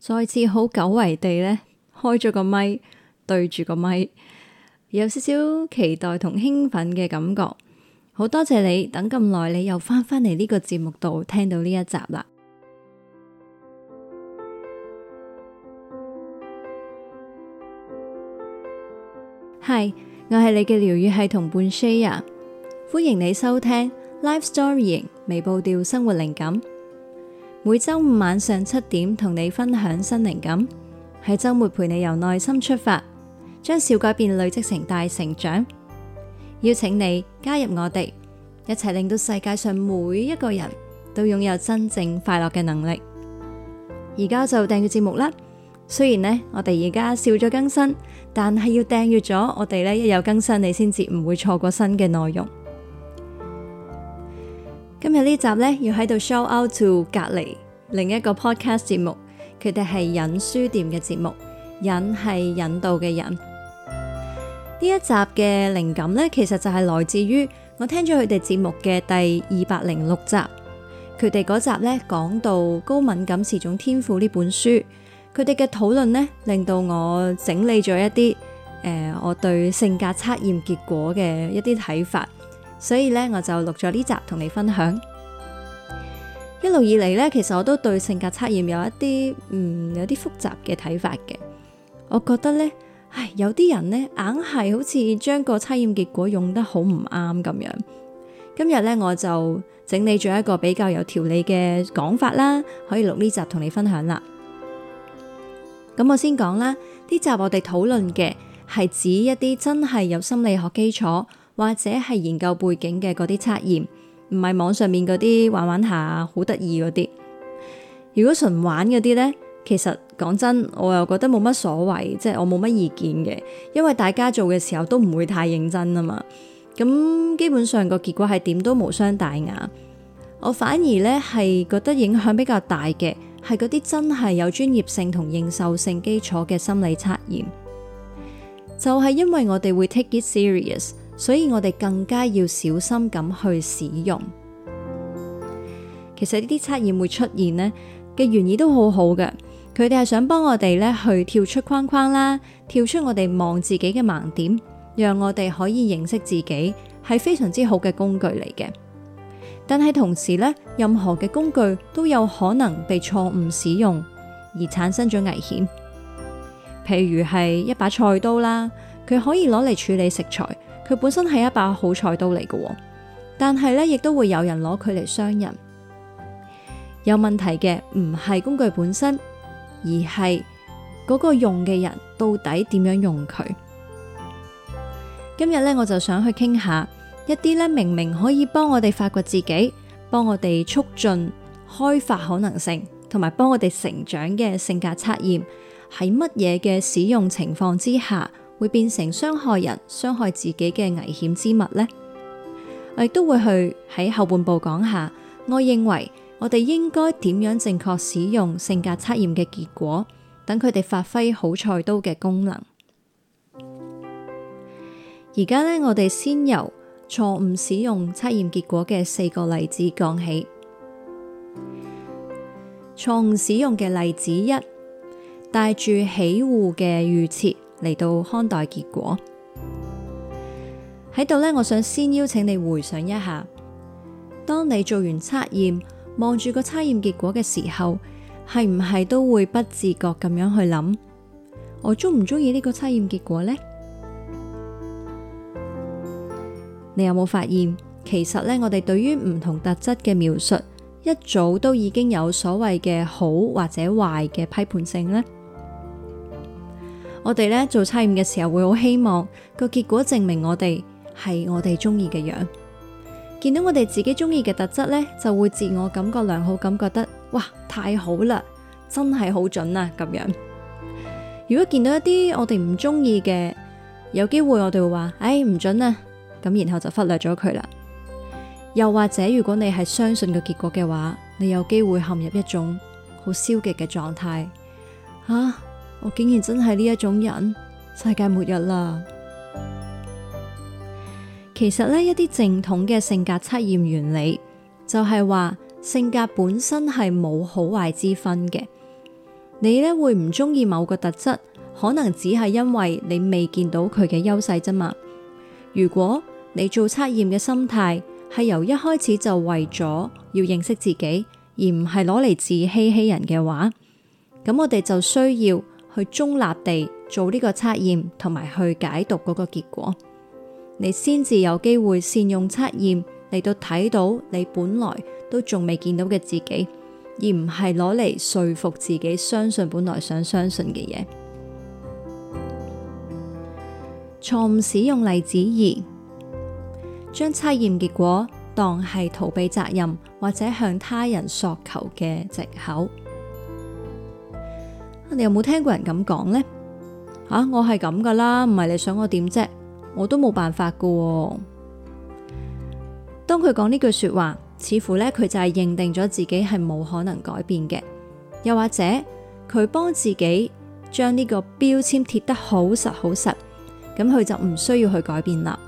再次好久違地咧，開咗個咪，對住個咪，有少少期待同興奮嘅感覺。好多謝你等咁耐，你又翻返嚟呢個節目度，聽到呢一集啦。 Hi, 係，我係你嘅療愈系同伴 Shaya，歡迎你收聽 Life Storying 微步調生活靈感。每週五晚上七點同你分享新靈感，喺周末陪你由內心出發，將小改變累積成大成長。邀請你加入我哋，一齊令到世界上每一個人都擁有真正快樂嘅能力。而家就訂閱節目啦。雖然呢，我哋而家少咗更新，但係要訂閱咗，我哋呢一有更新，你先至唔會錯過新嘅內容。今日呢集咧要喺度 shout out to 隔籬另一個 podcast 節目，佢哋係引書店嘅節目，引係引導嘅引。呢一集嘅靈感咧，其實就係來自於我聽咗佢哋節目嘅第二百零六集，佢哋嗰集咧講到高敏感是種天賦呢本書，佢哋嘅討論呢，令到我整理咗一啲誒、呃、我對性格測驗結果嘅一啲睇法。所以咧，我就錄咗呢集同你分享。一路以嚟咧，其實我都對性格測驗有一啲嗯，有啲複雜嘅睇法嘅。我覺得咧，唉，有啲人呢硬係好似將個測驗結果用得好唔啱咁樣。今日咧，我就整理咗一個比較有條理嘅講法啦，可以錄呢集同你分享啦。咁我先講啦，呢集我哋討論嘅係指一啲真係有心理學基礎，或者係研究背景嘅嗰啲測驗，唔係網上面嗰啲玩玩下好得意嗰啲。如果純玩嗰啲呢，其實講真，我又覺得冇乜所謂，即係我冇乜意見嘅，因為大家做嘅時候都唔會太認真啊嘛。咁基本上個結果係點都無傷大雅。我反而呢係覺得影響比較大嘅係嗰啲真係有專業性同認受性基礎嘅心理測驗，就係因為我哋會 take it serious。所以我哋更加要小心咁去使用。其實呢啲測驗會出現呢嘅原意都好好嘅，佢哋係想幫我哋咧去跳出框框啦，跳出我哋望自己嘅盲點，讓我哋可以認識自己，係非常之好嘅工具嚟嘅。但係同時呢，任何嘅工具都有可能被錯誤使用而產生咗危險，譬如係一把菜刀啦，佢可以攞嚟處理食材。佢本身係一把好菜刀嚟嘅，但係咧亦都會有人攞佢嚟傷人。有問題嘅唔係工具本身，而係嗰個用嘅人到底點樣用佢。今日咧我就想去傾下一啲咧明明可以幫我哋發掘自己、幫我哋促進開發可能性、同埋幫我哋成長嘅性格測驗，喺乜嘢嘅使用情況之下，會變成傷害人、傷害自己嘅危險之物呢？我亦都會去喺後半部講下，我認為我哋應該點樣正確使用性格測驗嘅結果，等佢哋發揮好菜刀嘅功能。而家呢，我哋先由錯誤使用測驗結果嘅四個例子講起。錯誤使用嘅例子一，帶住起戶嘅預設。嚟到看待結果喺度呢，我想先邀請你回想一下，當你做完測驗，望住個測驗結果嘅時候，係唔係都會不自覺咁樣去諗，我鍾唔鍾意呢個測驗結果呢？你有冇發現，其實呢，我哋對於唔同特質嘅描述，一早都已經有所謂嘅好或者壞嘅批判性呢？我哋咧做測驗嘅時候，會好希望個結果證明我哋係我哋鍾意嘅樣。見到我哋自己鍾意嘅特質咧，就會自我感覺良好，感覺得哇太好啦，真係好準啊咁樣。如果見到一啲我哋唔鍾意嘅，有機會我哋會話，唉、哎，唔準啊，咁然後就忽略咗佢啦。又或者，如果你係相信個結果嘅話，你有機會陷入一種好消極嘅狀態，吓、啊。我竟然真係呢一種人，世界末日啦！其實呢，一啲正統嘅性格測驗原理就係話，性格本身係冇好壞之分嘅。你呢會唔中意某個特質，可能只係因為你未見到佢嘅優勢啫嘛。如果你做測驗嘅心態係由一開始就為咗要認識自己，而唔係攞嚟自欺欺人嘅話，咁我哋就需要。去中立地做呢個測驗，同埋去解讀嗰個結果，你先至有機會善用測驗嚟到睇到你本來都仲未見到嘅自己，而唔係攞嚟說服自己相信本來想相信嘅嘢。錯誤使用例子二，將測驗結果當係逃避責任或者向他人索求嘅藉口。你有冇聽過人咁講呢？吓、啊，我係咁噶啦，唔係你想我點啫，我都冇辦法噶、哦。當佢講呢句說話，似乎咧佢就係認定咗自己係冇可能改變嘅，又或者佢幫自己將呢個標籤貼得好實好實，咁佢就唔需要去改變啦。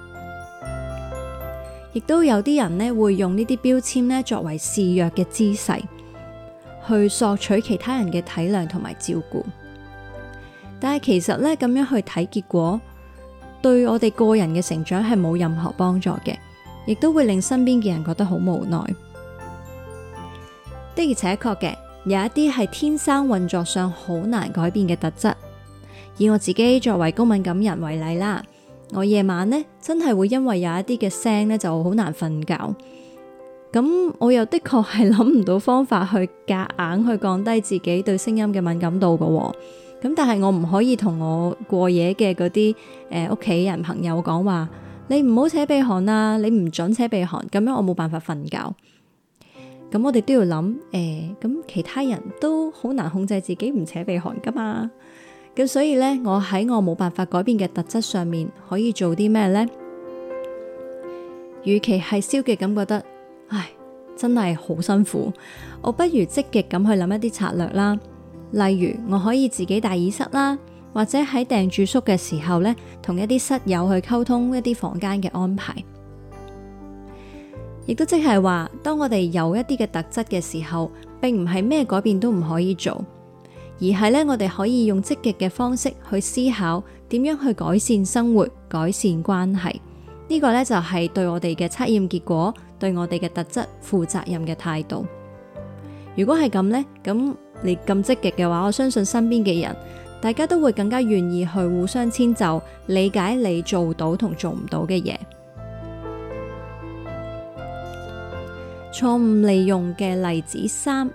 亦都有啲人呢，會用呢啲標籤咧作為示弱嘅姿勢。去索取其他人嘅體諒同埋照顧，但係其實呢咁樣去睇結果，對我哋個人嘅成長係冇任何幫助嘅，亦都會令身邊嘅人覺得好無奈。 的而且確嘅，有一啲係天生運作上好難改變嘅特質。以我自己作為高敏感人為例啦，我夜晚呢，真係會因為有一啲嘅聲呢就好難瞓覺。咁我又的確係諗唔到方法去夾硬去降低自己對聲音嘅敏感度嘅喎。哦，咁但係我唔可以同我過夜嘅嗰啲誒屋企人朋友講話，你唔好扯鼻鼾啦，你唔準扯鼻鼾，咁樣我冇辦法瞓覺。咁我哋都要諗，誒、呃、咁其他人都好難控制自己唔扯鼻鼾噶嘛，咁所以咧，我喺我冇辦法改變嘅特質上面，可以做啲咩咧？與其係消極咁覺得，真係好辛苦，我不如積極咁去諗一啲策略啦。例如，我可以自己帶耳塞啦，或者喺訂住宿嘅時候呢，同一啲室友去溝通一啲房間嘅安排。亦都即係話，當我哋有一啲嘅特質嘅時候，並唔係咩改變都唔可以做，而係呢，我哋可以用積極嘅方式去思考點樣去改善生活、改善關係。呢個呢，就係對我哋嘅測驗結果，對我哋嘅特質負責任嘅態度，如果係咁呢？咁你咁積極嘅話，我相信身邊嘅人，大家都會更加願意去互相遷就，理解你做到同做唔到嘅嘢。錯誤 利用嘅例子三，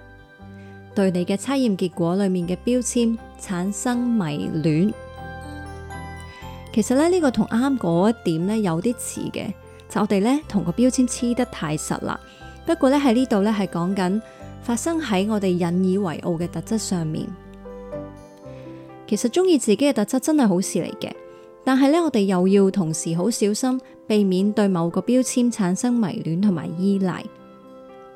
對你嘅測驗結果裏面嘅標籤產生迷戀。其實咧，呢個同啱嗰一點呢，有啲似嘅。就我哋呢，同個標籤黐得太實啦。不過呢，喺呢度呢，係講緊發生喺我哋引以為傲嘅特質上面。其實鍾意自己嘅特質真係好事嚟嘅，但係呢，我哋又要同時好小心，避免對某個標籤產生迷戀同埋依賴。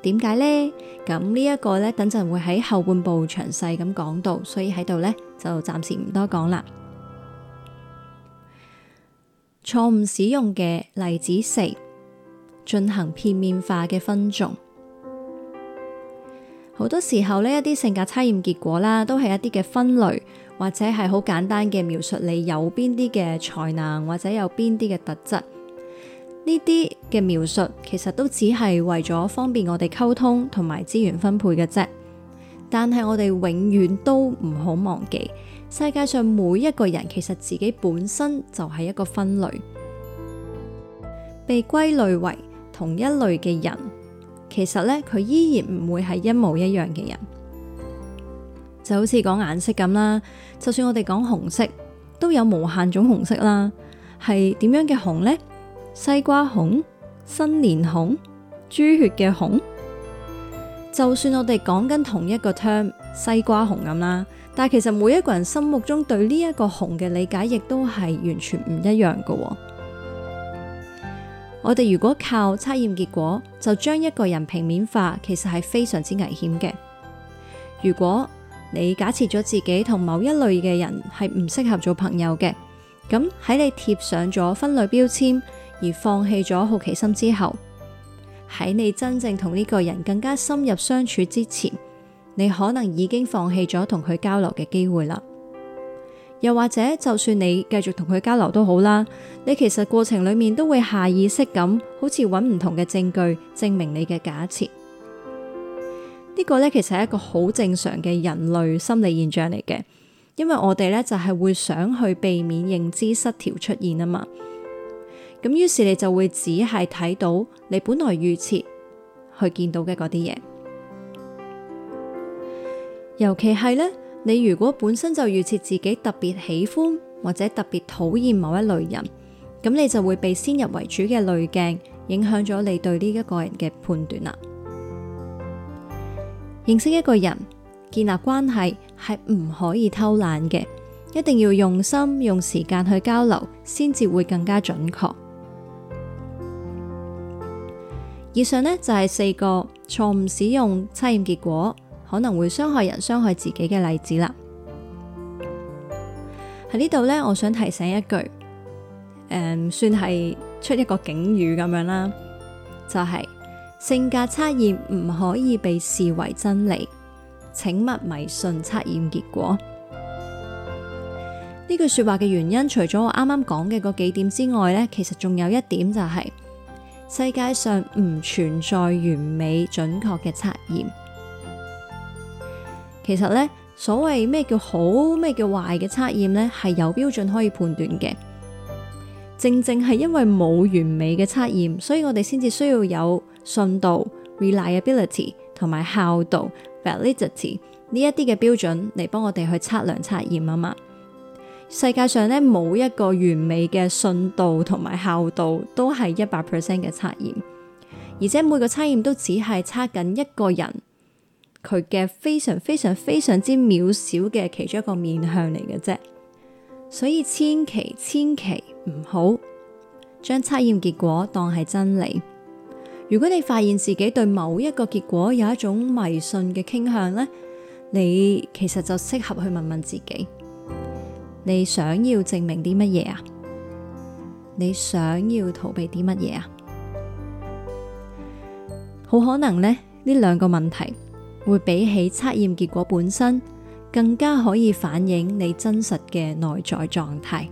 點解呢？咁呢一個呢，等陣會喺後半部詳細咁講到，所以喺度呢，就暫時唔多講啦。錯誤使用嘅例子四，進行片面化嘅分種。好多時候呢，一啲性格測驗結果啦，都係一啲嘅分類或者係好簡單嘅描述你有邊啲嘅才能或者有邊啲嘅特質。呢啲嘅描述其實都只係為咗方便我哋溝通同埋資源分配嘅啫。但係我哋永遠都唔好忘記。世界上每一個人其實自己本身就係一個分類，被歸類為同一類嘅人。其實咧，佢依然唔會係一模一樣嘅人。就好似講顏色咁啦，就算我哋講紅色，都有無限種紅色啦。係點樣嘅紅呢？西瓜紅、新年紅、豬血嘅紅。就算我哋講緊同一個 term，西瓜紅咁啦。但其實每一個人心目中對呢一個紅嘅理解亦都係完全唔一樣嘅。哦，我哋如果靠測驗結果就將一個人平面化，其實係非常之危險嘅。如果你假設咗自己同某一類嘅人係唔適合做朋友嘅，咁喺你貼上咗分類標籤而放棄咗好奇心之後，喺你真正同呢個人更加深入相處之前。你可能已經放棄咗同佢交流嘅機會啦，又或者就算你繼續同佢交流都好啦，你其實過程裏面都會下意識咁好似搵唔同嘅證據證明你嘅假設。呢個咧其實係一個好正常嘅人類心理現象嚟嘅，因為我哋咧就係會想去避免認知失調出現啊嘛，咁於是你就會只係睇到你本來預設去見到嘅嗰啲嘢。尤其係咧，你如果本身就預設自己特別喜歡或者特別討厭某一類人，咁你就會被先入為主嘅濾鏡影響咗你對呢一個人嘅判斷啦。認識一個人，建立關係係唔可以偷懶嘅，一定要用心用時間去交流，先至會更加準確。以上呢，就係四個錯誤使用測驗結果。可能會傷害人、傷害自己嘅例子啦。喺呢度呢，我想提醒一句，嗯，算係出一個警語咁樣啦，就係，性格測驗唔可以被視為真理，請勿迷信測驗結果。呢句說話嘅原因，除咗我啱啱講嘅嗰幾點之外呢，其實仲有一點就係，世界上唔存在完美、準確嘅測驗。其實咧，所謂咩叫好咩叫壞嘅測驗咧，係有標準可以判斷嘅。正正係因為冇完美嘅測驗，所以我哋先至需要有信度 （reliability） 同埋效度 （validity） 呢一啲嘅標準嚟幫我哋去測量測驗啊嘛、嗯。世界上咧冇一個完美嘅信度同埋效度都係一百 percent 嘅測驗，而且每個測驗都只係測緊一個人。佢嘅非常非常非常之渺小嘅其中一個面向嚟嘅啫，所以千祈千祈唔好將測驗結果當係真理。如果你發現自己對某一個結果有一種迷信嘅傾向咧，你其實就適合去問問自己，你想要證明啲乜嘢啊？你想要逃避啲乜嘢啊？好可能咧，呢兩個問題。會比起測驗結果本身更加可以反映你真實嘅內在狀態。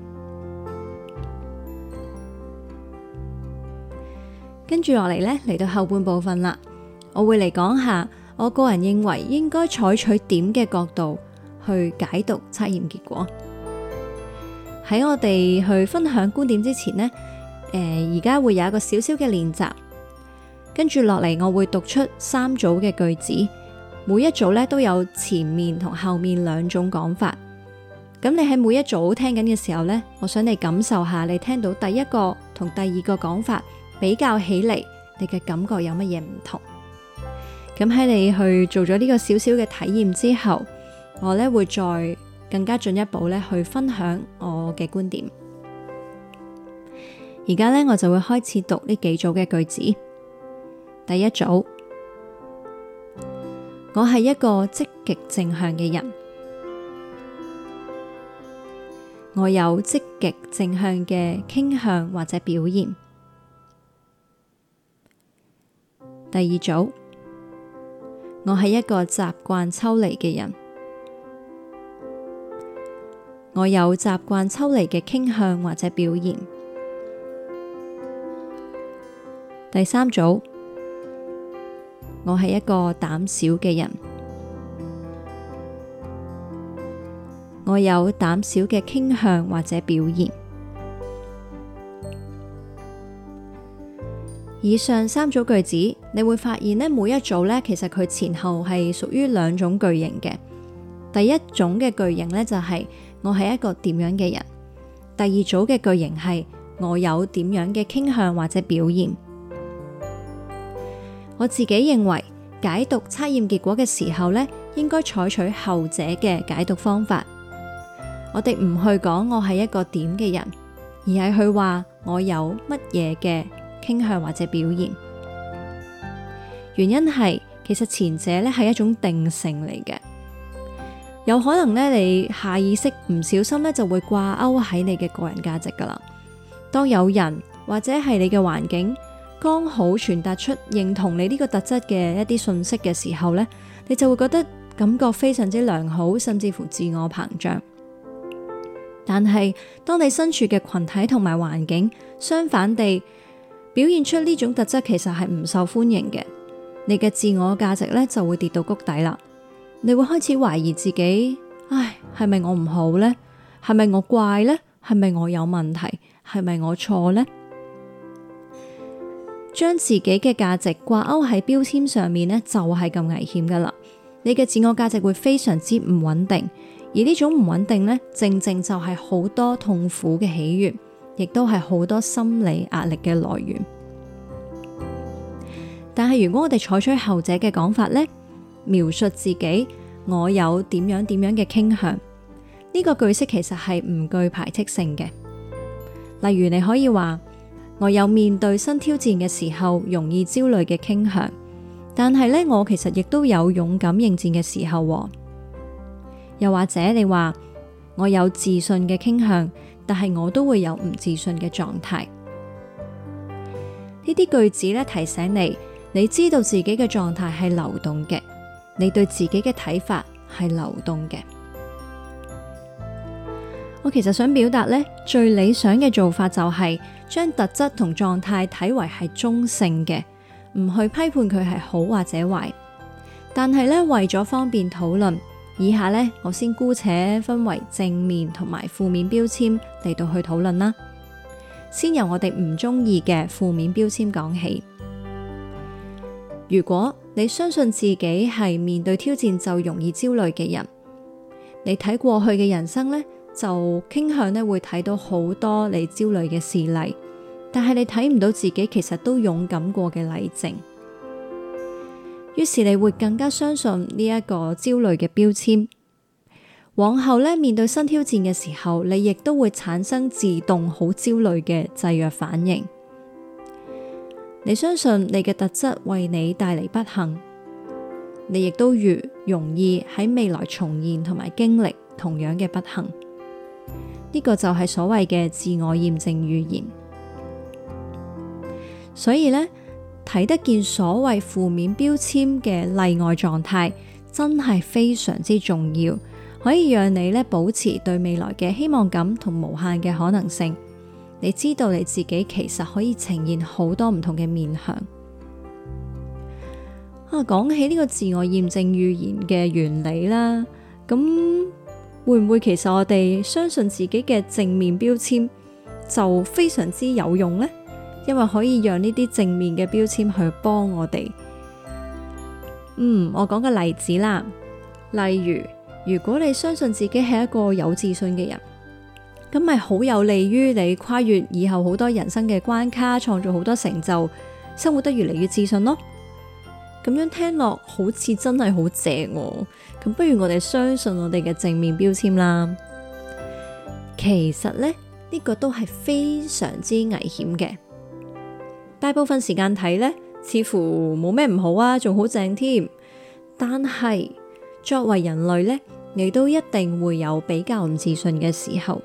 跟住落嚟呢，嚟到後半部分啦，我會嚟講下我個人認為應該採取點嘅角度去解讀測驗結果。喺我哋去分享觀點之前呢，誒、呃，而家會有一個小小嘅練習。跟住落嚟，我會讀出三組嘅句子。每一組咧都有前面同後面兩種講法，咁你喺每一組聽緊嘅時候咧，我想你感受下你聽到第一個同第二個講法比較起嚟，你嘅感覺有乜嘢唔同？咁喺你去做咗呢個小小嘅體驗之後，我咧會再更加進一步咧去分享我嘅觀點。而家咧我就會開始讀呢幾組嘅句子，第一組。我係一個積極正向嘅人，我有積極正向嘅傾向或者表現。第二組，我係一個習慣抽離嘅人，我有習慣抽離嘅傾向或者表現。第三組。我係一個膽小嘅人，我有膽小嘅傾向或者表現。以上三組句子，你會發現呢，每一組呢，其實佢前後係屬於兩種句型嘅。第一種嘅句型呢，就係我係一個點樣嘅人；第二組嘅句型係我有點樣嘅傾向或者表現。我自己認為解讀測驗結果嘅時候呢，應該採取後者嘅解讀方法。我哋唔去講我係一個點嘅人，而係去話我有乜嘢嘅傾向或者表現。原因係其實前者呢係一種定性嚟嘅，有可能呢，你下意識唔小心呢，就會掛鈎喺你嘅個人價值㗎喇。當有人或者係你嘅環境，剛好傳達出認同你呢個特質嘅一啲信息嘅時候呢，你就會覺得感覺非常之良好，甚至乎自我膨脹。但係當你身處嘅群體同埋環境相反地表現出呢種特質，其實係唔受歡迎嘅，你嘅自我價值呢就會跌到谷底啦。你會開始懷疑自己，唉，係咪我唔好呢？係咪我怪呢？係咪我有問題？係咪我錯呢？將自己嘅價值掛鈎喺標籤上面呢，就係咁危險噶啦！你嘅自我價值會非常之唔穩定，而呢種唔穩定呢，正正就係好多痛苦嘅起源，亦都係好多心理壓力嘅來源。但係如果我哋採取後者嘅講法呢，描述自己我有點樣點樣嘅傾向，呢個句式其實係唔具排斥性嘅。例如你可以話。我有面對新挑戰嘅時候容易焦慮嘅傾向，但係呢，我其實亦都有勇敢應戰嘅時候喎。又或者你話我有自信嘅傾向，但係我都會有唔自信嘅狀態。呢啲句子咧，提醒你，你知道自己嘅狀態係流動嘅，你對自己嘅睇法係流動嘅。我其實想表達呢，最理想嘅做法就係將特質同狀態睇為係中性嘅，唔去批判佢係好或者壞。但係呢，為咗方便討論，以下呢，我先姑且分為正面同埋負面標籤嚟到去討論啦。先由我哋唔鍾意嘅負面標籤講起。如果你相信自己係面對挑戰就容易焦慮嘅人，你睇過去嘅人生呢。就傾向呢會睇到好多你焦慮嘅事例，但係你睇唔到自己其實都勇敢過嘅例證。於是你會更加相信呢一個焦慮嘅標籤。往後呢，面對新挑戰嘅時候，你亦都會產生自動好焦慮嘅制約反應。你相信你嘅特質為你帶嚟不幸，你亦都越容易喺未來重現同埋經歷同樣嘅不幸。呢個就係所謂嘅自我驗證預言，所以呢，睇得見所謂負面標籤嘅例外狀態，真係非常之重要，可以讓你呢保持對未來嘅希望感同無限嘅可能性。你知道你自己其實可以呈現好多唔同嘅面向。啊，講起呢個自我驗證預言嘅原理啦，咁。會唔會其實我哋相信自己嘅正面標籤就非常之有用呢？因為可以讓呢啲正面嘅標籤去幫我哋。嗯，我講個例子啦,例如如果你相信自己係一個有自信嘅人，咁咪好有利於你跨越以後好多人生嘅關卡，創造好多成就，生活得越嚟越自信咯。咁樣聽落好似真係好正喎，咁不如我哋相信我哋嘅正面標籤啦。其實呢，呢個都係非常之危險嘅。大部分時間睇呢，似乎冇咩唔好啊，仲好正添。但係作為人類呢，你都一定會有比較唔自信嘅時候。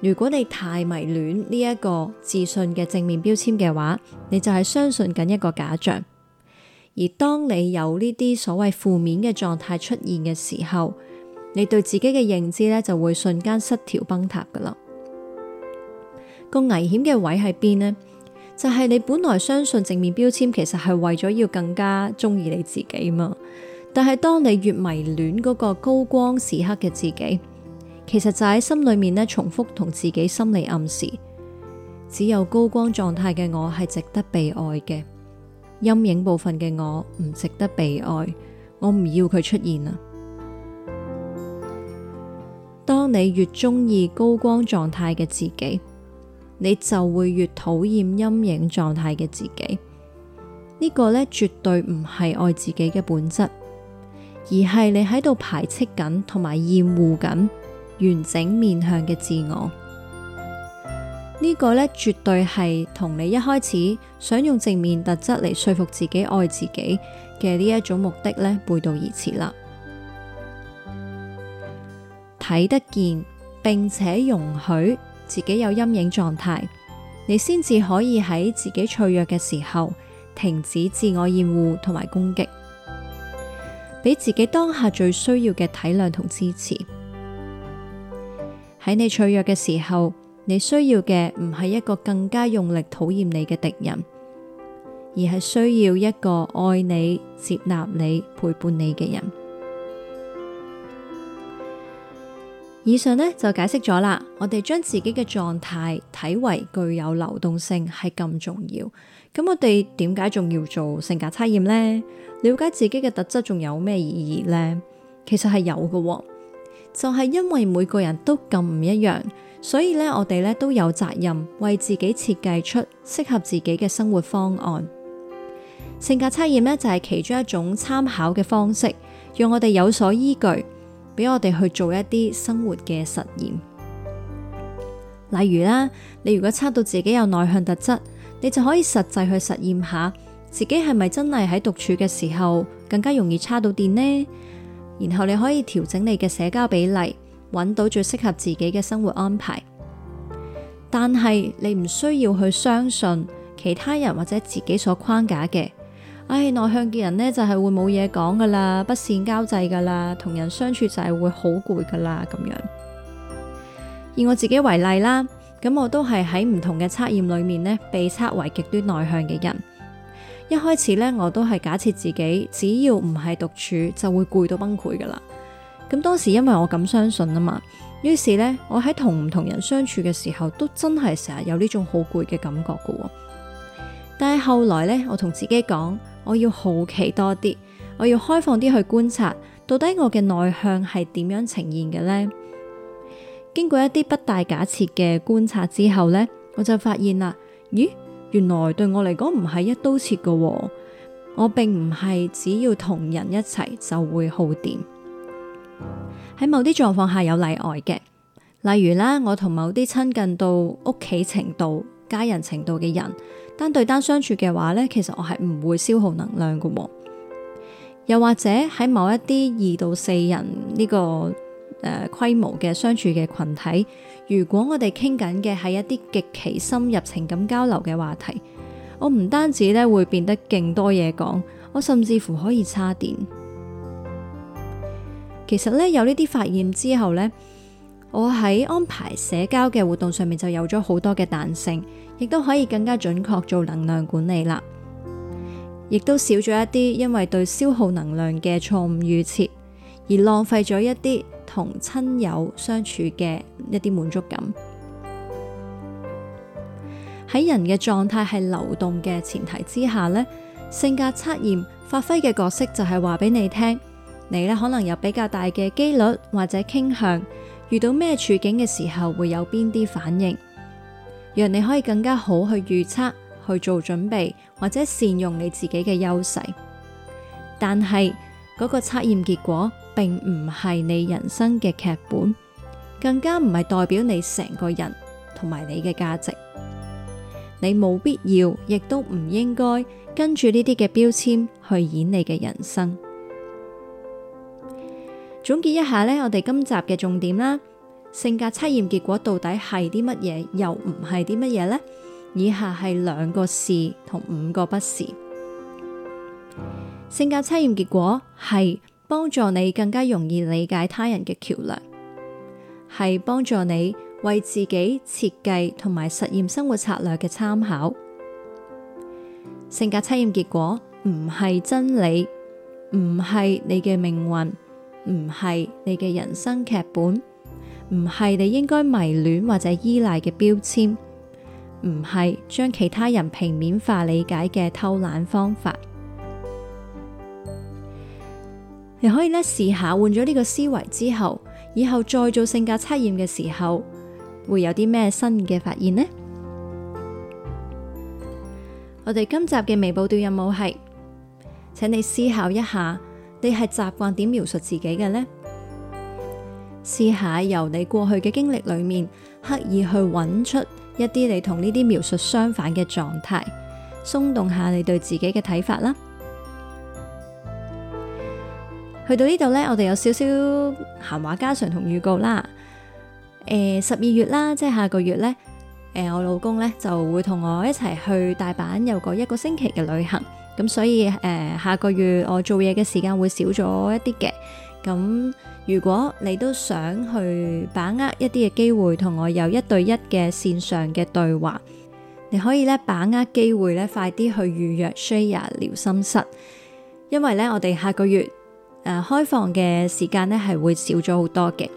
如果你太迷戀呢一個自信嘅正面標籤嘅話，你就係相信緊一個假象。而當你有呢啲所謂負面嘅狀態出現嘅時候，你對自己嘅認知呢就會瞬間失調崩塌噶啦。個危險嘅位喺邊呢？就係你本來相信正面標籤其實係為咗要更加中意你自己嘛。但係當你越迷戀嗰個高光時刻嘅自己，其實就喺心裏面呢重複同自己心理暗示，只有高光狀態嘅我係值得被愛嘅。陰影部分嘅我唔值得被愛，我唔要佢出現啊！當你越鍾意高光狀態嘅自己，你就會越討厭陰影狀態嘅自己。這個、呢個呢絕對唔係愛自己嘅本質，而係你喺度排斥緊同埋厭惡緊完整面向嘅自我。呢個咧絕對係同你一開始想用正面特質嚟，說服自己愛自己嘅呢一種目的咧背道而馳啦。睇得見並且容許自己有陰影狀態，你先至可以喺自己脆弱嘅時候停止自我厭惡同埋攻擊，俾自己當下最需要嘅體諒同支持。喺你脆弱嘅時候。你需要嘅唔係一個更加用力討厭你嘅敵人，而係需要一個愛你、接納你、陪伴你嘅人。以上呢就解釋咗啦。我哋將自己嘅狀態睇為具有流動性係咁重要。咁我哋點解仲要做性格測驗呢？了解自己嘅特質仲有咩意義呢？其實係有嘅哦，就係因為每個人都咁唔一樣。所以咧，我哋咧都有責任為自己設計出適合自己嘅生活方案。性格測驗咧就係其中一種參考嘅方式，讓我哋有所依據，俾我哋去做一啲生活嘅實驗。例如啦，你如果測到自己有內向特質，你就可以實際去實驗下，自己係咪真係喺獨處嘅時候更加容易叉到電呢？然後你可以調整你嘅社交比例。揾到最適合自己嘅生活安排，但係你唔需要去相信其他人或者自己所框架嘅。唉，內向嘅人呢，就係會冇嘢講噶啦，不善交際噶啦，同人相處就係會好攰噶啦咁樣。以我自己為例啦，咁我都係喺唔同嘅測驗裏面呢，被測為極端內向嘅人。一開始呢，我都係假設自己只要唔係獨處就會攰到崩潰噶啦。咁當時因為我噉相信啊嘛，於是呢，我喺同唔同人相處嘅時候，都真係成日有呢種好攰嘅感覺噶喎。但係後來呢，我同自己講，我要好奇多啲，我要開放啲去觀察，到底我嘅內向係點樣呈現嘅呢。經過一啲不帶假設嘅觀察之後呢，我就發現啦，咦，原來對我嚟講唔係一刀切噶喎，我並唔係只要同人一齊就會耗電。喺某啲狀況下有例外嘅，例如咧，我同某啲親近到屋企程度、家人程度嘅人單對單相處嘅話呢，其實我係唔會消耗能量嘅喎。又或者喺某一啲二到四人呢個誒規模嘅相處嘅群體，如果我哋傾緊嘅係一啲極其深入情感交流嘅話題，我唔單止呢會變得勁多嘢講，我甚至乎可以叉電。其實咧，有呢啲發現之後呢，我喺安排社交嘅活動上面就有咗好多嘅彈性，亦都可以更加準確做能量管理啦，亦都少咗一啲因為對消耗能量嘅錯誤預設而浪費咗一啲同親友相處嘅一啲滿足感。喺人嘅狀態係流動嘅前提之下呢，性格測驗發揮嘅角色就係話俾你聽。你咧，可能有比較大嘅機率或者傾向遇到咩處境嘅時候會有邊啲反應，讓你可以更加好去預測、去做準備或者善用你自己嘅優勢。但係嗰個測驗結果並唔係你人生嘅劇本，更加唔係代表你成個人同埋你嘅價值。你冇必要，亦都唔應該跟住呢啲嘅標籤去演你嘅人生。總結一下呢，我哋今集嘅重點啦。性格測驗結果到底係啲乜嘢，又唔係啲乜嘢呢？以下係兩個是同五個不是。性格測驗結果係幫助你更加容易理解他人嘅橋樑，係幫助你為自己設計同埋實驗生活策略嘅參考。性格測驗結果唔係真理，唔係你嘅命運，唔係你嘅人生劇本，唔係你應該迷戀或者依賴嘅標籤，唔係將其他人平面化理解嘅偷懶方法。你可以咧，試下換咗呢個思維之後，以後再做性格測驗嘅時候，會有啲咩新嘅發現呢？我哋今集嘅微報調任務係，請你思考一下。你係習慣點描述自己嘅呢？試下由你過去嘅經歷裏面，刻意去揾出一啲你同呢啲描述相反嘅狀態，鬆動下你對自己嘅睇法啦。去到呢度呢，我哋有少少閒話家常同預告啦。誒，十二月啦，即係下個月呢，誒，我老公呢就會同我一齊去大阪有個一個星期嘅旅行。咁所以誒、呃，下個月我做嘢嘅時間會少咗一啲嘅。咁如果你都想去把握一啲嘅機會，同我有一對一嘅線上嘅對話，你可以咧把握機會咧，快啲去預約 Shaya 療心室，因為咧我哋下個月誒、呃、開放嘅時間咧係會少咗好多嘅。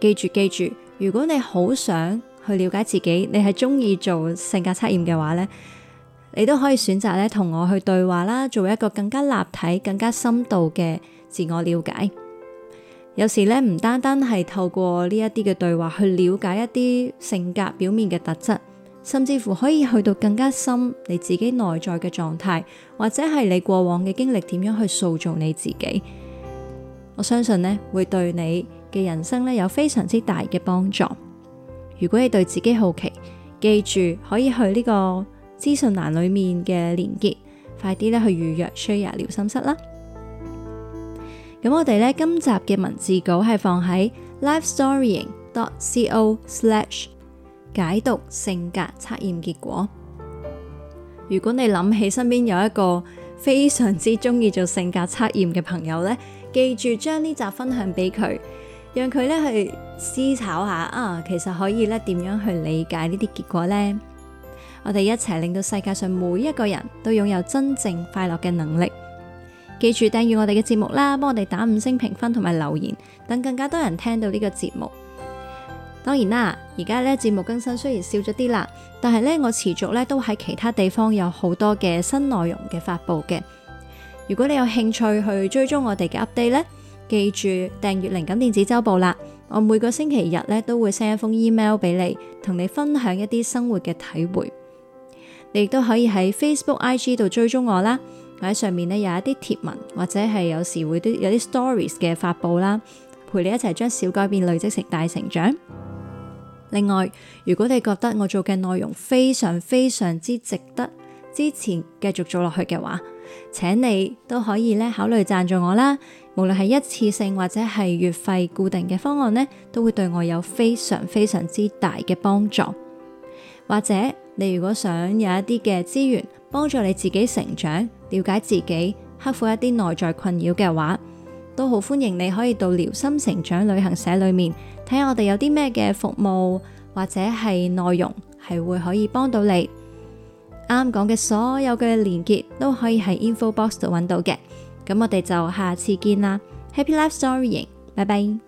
記住記住，如果你好想去了解自己，你係鍾意做性格測驗嘅話咧。你都可以選擇咧同我去對話啦，做一個更加立體、更加深度嘅自我了解。有時咧唔單單係透過呢一啲嘅對話去了解一啲性格表面嘅特質，甚至乎可以去到更加深你自己內在嘅狀態，或者係你過往嘅經歷點樣去塑造你自己。我相信呢，會對你嘅人生呢有非常之大嘅幫助。如果你對自己好奇，記住可以去呢個。資訊欄裏面嘅連結，快啲咧去預約 Shaya 療心室啦。咁我哋咧今集嘅文字稿係放喺 lifestorying.co/slash 解讀性格測驗結果。如果你諗起身邊有一個非常之中意做性格測驗嘅朋友呢，記住將呢集分享俾佢，讓佢咧去思考下啊，其實可以咧點樣去理解呢啲結果呢？我哋一齊令到世界上每一個人都擁有真正快樂嘅能力。記住訂閱我哋嘅節目啦，幫我哋打五星評分同埋留言，等更加多人聽到呢個節目。當然啦，而家呢節目更新雖然少咗啲啦，但係呢，我持續呢都喺其他地方有好多嘅新內容嘅發布嘅。如果你有興趣去追蹤我哋嘅 update 呢，記住訂閱靈感電子週報啦。我每個星期日呢，都會 send 一封 email 俾你，同你分享一啲生活嘅體會。你亦都可以喺 Facebook、IG 度追蹤我啦，我喺上面呢有一啲貼文，或者係有時會啲有啲 stories 嘅發布啦，陪你一齊將小改變累積成大成長。另外，如果你覺得我做嘅內容非常非常之值得，支持繼續做落去嘅話，請你都可以咧考慮贊助我啦。無論係一次性或者係月費固定嘅方案呢，都會對我有非常非常之大嘅幫助，或者。你如果想有一啲嘅資源幫助你自己成長、了解自己、克服一啲內在困擾嘅話，都好歡迎你可以到療心成長旅行社裏面睇下我哋有啲咩嘅服務或者係內容係會可以幫到你。啱啱講嘅所有嘅鏈接都可以喺 info box 度揾到嘅。咁我哋就下次見啦。Happy life storying，拜拜。